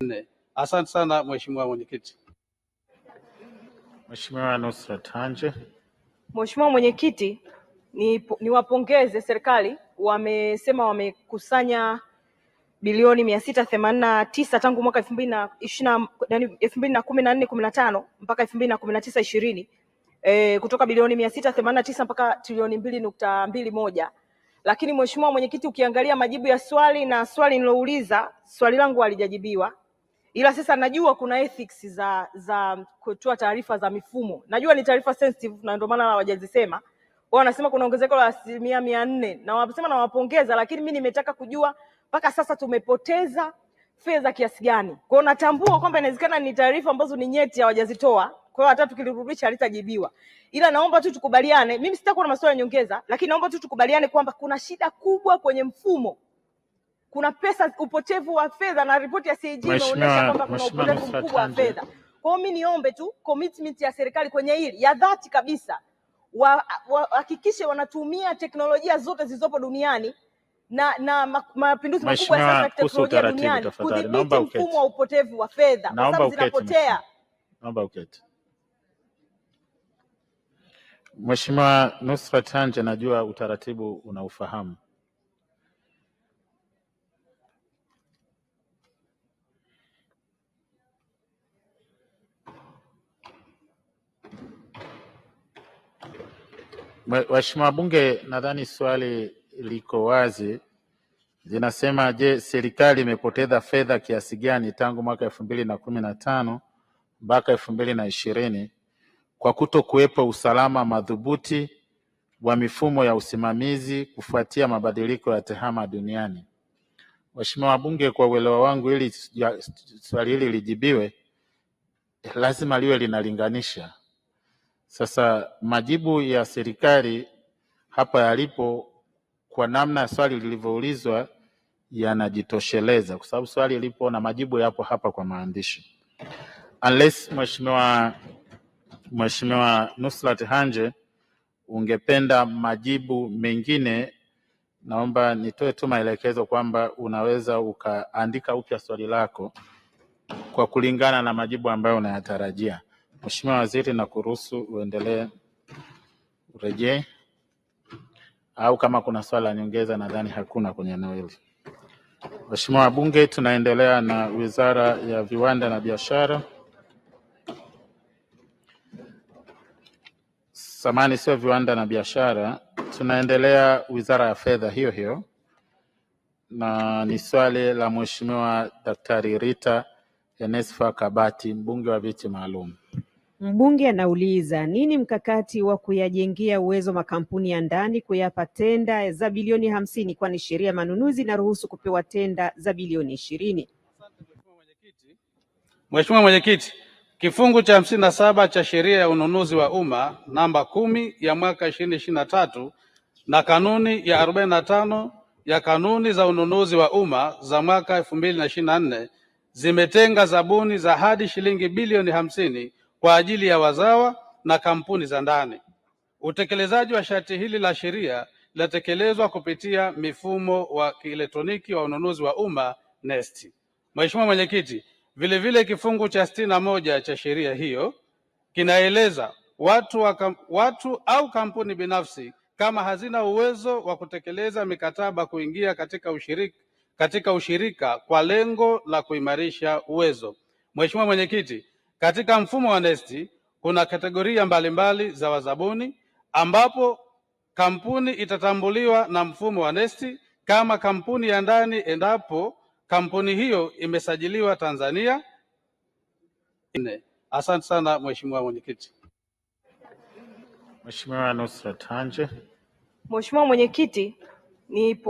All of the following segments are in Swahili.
nne. Asante sana Mheshimiwa Mwenyekiti. Mheshimiwa Nusrat Hanje. Mheshimiwa Mwenyekiti, niwapongeze ni serikali, wamesema wamekusanya bilioni mia sita themanini na tisa tangu mwaka elfu mbili na ishirini elfu mbili na kumi na nne kumi na tano mpaka elfu mbili na kumi na tisa ishirini e, kutoka bilioni mia sita themanini na tisa mpaka trilioni mbili nukta mbili moja lakini Mheshimiwa Mwenyekiti, ukiangalia majibu ya swali na swali nilouliza, swali langu halijajibiwa ila sasa najua kuna ethics za za kutoa taarifa za mifumo. Najua ni taarifa sensitive, na ndio maana hawajazisema wao. Wanasema kuna ongezeko la asilimia mia nne na wanasema nawapongeza, lakini mimi nimetaka kujua mpaka sasa tumepoteza fedha kiasi gani. Kwao natambua kwamba inawezekana ni taarifa ambazo ni nyeti, hawajazitoa kwa hiyo hata tukilirudisha halitajibiwa, ila naomba tu tukubaliane, mimi sitakuwa na maswali ya nyongeza, lakini naomba tu tukubaliane kwamba kuna shida kubwa kwenye mfumo kuna pesa, upotevu wa fedha na ripoti ya CAG imeonyesha kwamba kuna upotevu mkubwa wa fedha. Kwa hiyo mimi niombe tu commitment ya serikali kwenye hili ya dhati kabisa, wahakikishe wa, wanatumia teknolojia zote zilizopo duniani na na mapinduzi makubwa sasa ya teknolojia duniani kudhibiti mfumo wa upotevu wa fedha kwa sababu zinapotea. Naomba uketi. Mheshimiwa Nusrat Anje, najua utaratibu unaufahamu. Waheshimiwa wabunge, nadhani swali liko wazi, zinasema: je, serikali imepoteza fedha kiasi gani tangu mwaka elfu mbili na kumi na tano mpaka elfu mbili na ishirini kwa kuto kuwepo usalama madhubuti wa mifumo ya usimamizi kufuatia mabadiliko ya tehama duniani? Waheshimiwa wabunge, kwa uelewa wangu, ili swali hili lijibiwe lazima liwe linalinganisha sasa majibu ya serikali hapa yalipo kwa namna ya swali lilivyoulizwa yanajitosheleza, kwa sababu swali lipo na majibu yapo hapa kwa maandishi, unless mheshimiwa Mheshimiwa Nusrat Hanje ungependa majibu mengine, naomba nitoe tu maelekezo kwamba unaweza ukaandika upya swali lako kwa kulingana na majibu ambayo unayatarajia. Mheshimiwa Waziri, na kuruhusu uendelee urejee, au kama kuna swala la nyongeza, nadhani hakuna kwenye eneo hili. Mheshimiwa wabunge, tunaendelea na Wizara ya Viwanda na Biashara. Samani, sio viwanda na biashara. Tunaendelea Wizara ya Fedha hiyo hiyo, na ni swali la Mheshimiwa Daktari Rita Enesfa Kabati, mbunge wa viti maalum. Mbunge anauliza nini mkakati wa kuyajengea uwezo makampuni ya ndani kuyapa tenda za bilioni hamsini kwani sheria ya manunuzi inaruhusu kupewa tenda za bilioni ishirini. Mheshimiwa Mwenyekiti, kifungu cha hamsini na saba cha sheria ya ununuzi wa umma namba kumi ya mwaka ishirini ishirini na tatu na kanuni ya arobaini na tano ya kanuni za ununuzi wa umma za mwaka elfu mbili na ishirini na nne zimetenga zabuni za hadi shilingi bilioni hamsini kwa ajili ya wazawa na kampuni za ndani. Utekelezaji wa sharti hili la sheria linatekelezwa kupitia mifumo wa kielektroniki wa ununuzi wa umma NeST. Mheshimiwa Mwenyekiti, vilevile kifungu cha sitini na moja cha sheria hiyo kinaeleza watu, wa, watu au kampuni binafsi kama hazina uwezo wa kutekeleza mikataba kuingia katika ushirika, katika ushirika kwa lengo la kuimarisha uwezo. Mheshimiwa Mwenyekiti, katika mfumo wa nesti kuna kategoria mbalimbali mbali za wazabuni ambapo kampuni itatambuliwa na mfumo wa nesti kama kampuni ya ndani endapo kampuni hiyo imesajiliwa Tanzania. Asante sana Mheshimiwa Mwenyekiti. Mheshimiwa Nusrat Hanje. Mheshimiwa Mwenyekiti,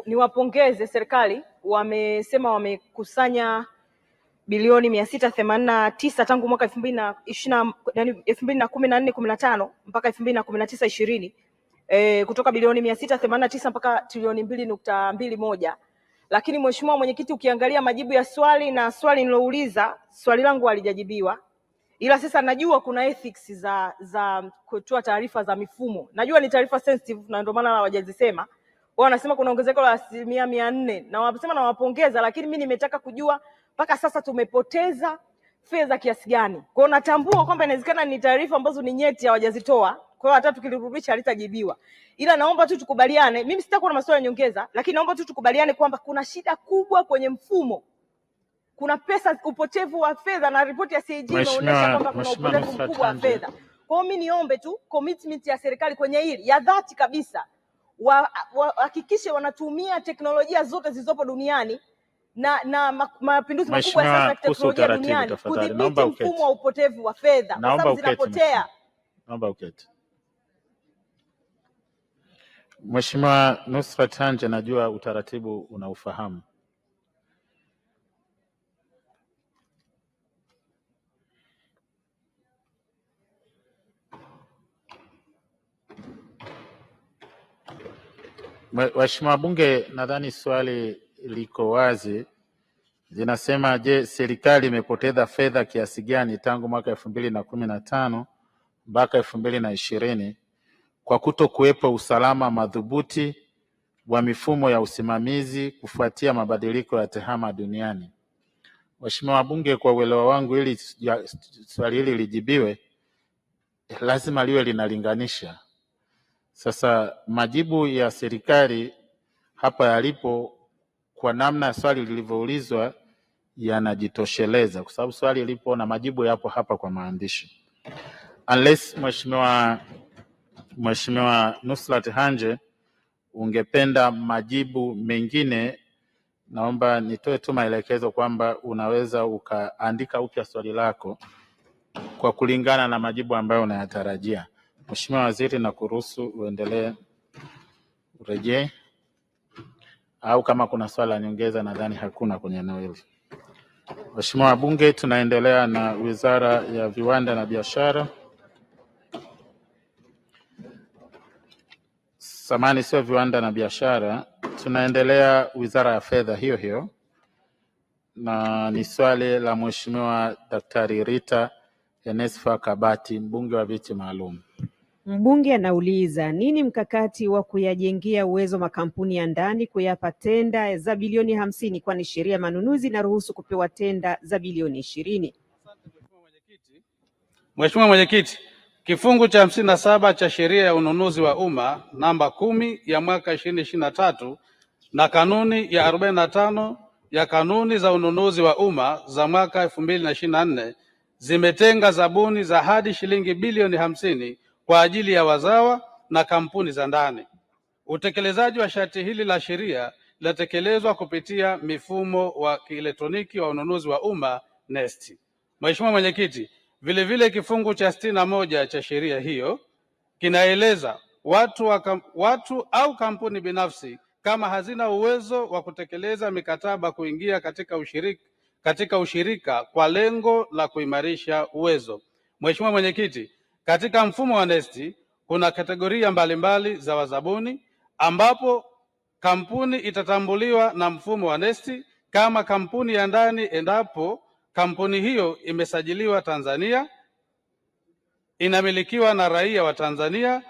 niwapongeze ni serikali, wamesema wamekusanya bilioni mia sita themanini na tisa tangu mwaka elfu mbili na ishirini elfu mbili na kumi na nne kumi na tano mpaka elfu mbili na kumi na tisa ishirini e, kutoka bilioni mia sita themanini na tisa mpaka trilioni mbili nukta mbili moja lakini Mheshimiwa Mwenyekiti, ukiangalia majibu ya swali na swali nilouliza, swali langu halijajibiwa, ila sasa najua kuna ethics za za kutoa taarifa za mifumo. Najua ni taarifa sensitive, na ndio maana hawajazisema wao. Wanasema kuna ongezeko la asilimia mia nne na wanasema nawapongeza, lakini mi nimetaka kujua mpaka sasa tumepoteza fedha kiasi gani. Kwa hiyo natambua kwamba inawezekana ni taarifa ambazo ni nyeti, hawajazitoa kwa hiyo hata tukilirudisha halitajibiwa, ila naomba tu tukubaliane, mimi sitakuwa na maswali ya nyongeza, lakini naomba tu tukubaliane kwamba kuna shida kubwa kwenye mfumo, kuna pesa, upotevu wa fedha, na ripoti ya CAG inaonyesha kwamba kuna upotevu mkubwa wa fedha. Kwa hiyo mimi niombe tu commitment ya serikali kwenye hili ya dhati kabisa, wahakikishe wa, wanatumia teknolojia zote zilizopo duniani na na mapinduzi makubwa ya sasa teknolojia duniani, kudhibiti mfumo wa upotevu wa fedha kwa sababu zinapotea. Naomba uketi. Mheshimiwa Nusrat Hanje, najua utaratibu unaufahamu. Waheshimiwa wabunge, nadhani swali liko wazi zinasema, je, serikali imepoteza fedha kiasi gani tangu mwaka elfu mbili na kumi na tano mpaka elfu mbili na ishirini kwa kuto kuwepo usalama madhubuti wa mifumo ya usimamizi kufuatia mabadiliko ya tehama duniani. Waheshimiwa wabunge, kwa uelewa wangu, ili swali hili lijibiwe lazima liwe linalinganisha. Sasa majibu ya serikali hapa yalipo kwa namna swali lilivyoulizwa yanajitosheleza, kwa sababu swali lipo na majibu yapo hapa kwa maandishi, unless mheshimiwa Mheshimiwa Nusrat Hanje ungependa majibu mengine, naomba nitoe tu maelekezo kwamba unaweza ukaandika upya swali lako kwa kulingana na majibu ambayo unayatarajia. Mheshimiwa Waziri, na kuruhusu uendelee, urejee au kama kuna swali la nyongeza, nadhani hakuna kwenye eneo hili. Mheshimiwa wabunge, tunaendelea na Wizara ya Viwanda na Biashara. Samani, sio viwanda na biashara. Tunaendelea Wizara ya Fedha hiyo hiyo, na ni swali la Mheshimiwa Daktari Rita Enesfa Kabati, mbunge wa viti maalum. Mbunge anauliza nini mkakati wa kuyajengea uwezo makampuni ya ndani kuyapa tenda za bilioni hamsini kwani sheria ya manunuzi inaruhusu kupewa tenda za bilioni ishirini. Mheshimiwa Mwenyekiti, kifungu cha hamsini na saba cha sheria ya ununuzi wa umma namba kumi ya mwaka ishirini ishirini na tatu na kanuni ya arobaini na tano ya kanuni za ununuzi wa umma za mwaka elfu mbili na ishirini na nne zimetenga zabuni za hadi shilingi bilioni hamsini kwa ajili ya wazawa na kampuni za ndani. Utekelezaji wa sharti hili la sheria linatekelezwa kupitia mifumo wa kielektroniki wa ununuzi wa umma NeST. Mheshimiwa Mwenyekiti, vilevile kifungu cha sitini na moja cha sheria hiyo kinaeleza watu, wa, watu au kampuni binafsi kama hazina uwezo wa kutekeleza mikataba kuingia katika ushirika, katika ushirika kwa lengo la kuimarisha uwezo. Mheshimiwa Mwenyekiti, katika mfumo wa nesti kuna kategoria mbalimbali mbali za wazabuni ambapo kampuni itatambuliwa na mfumo wa nesti kama kampuni ya ndani endapo kampuni hiyo imesajiliwa Tanzania, inamilikiwa na raia wa Tanzania